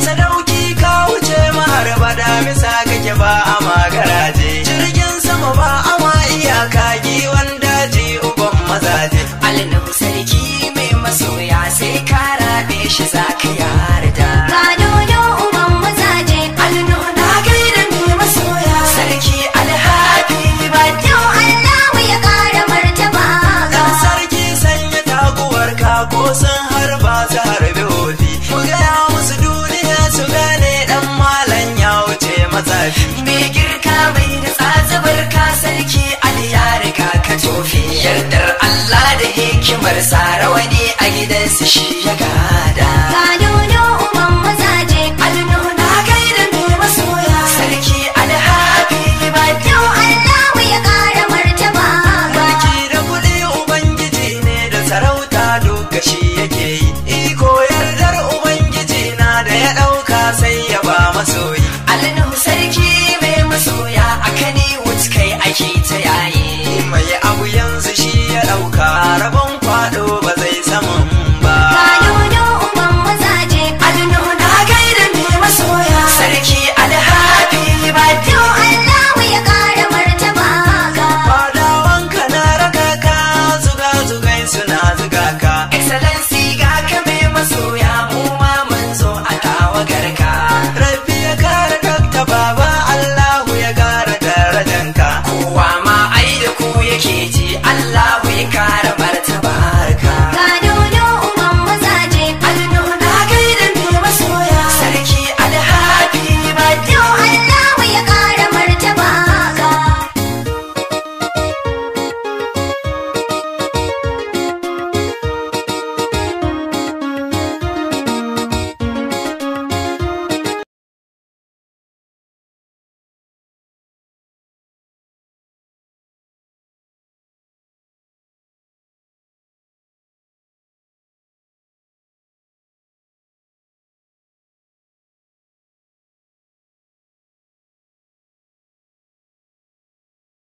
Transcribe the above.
sadauki ka wuce maharba bada misa kake ba a magaraje jirgin sama ba a ma iyaka giwan daji uban mazaje alinau sarki mai masoya sai ka rabe shi za ka yarda Ko san hikimar tsara wani a su shi ya gada ka dodo uban mazaje alnu na kai da mai masoya sarki alhabi ba yau allahu ya kara martaba baki da kuɗi ubangiji ne da sarauta lokaci yake yi iko yardar ubangiji na da ya ɗauka sai ya ba masoyi sarki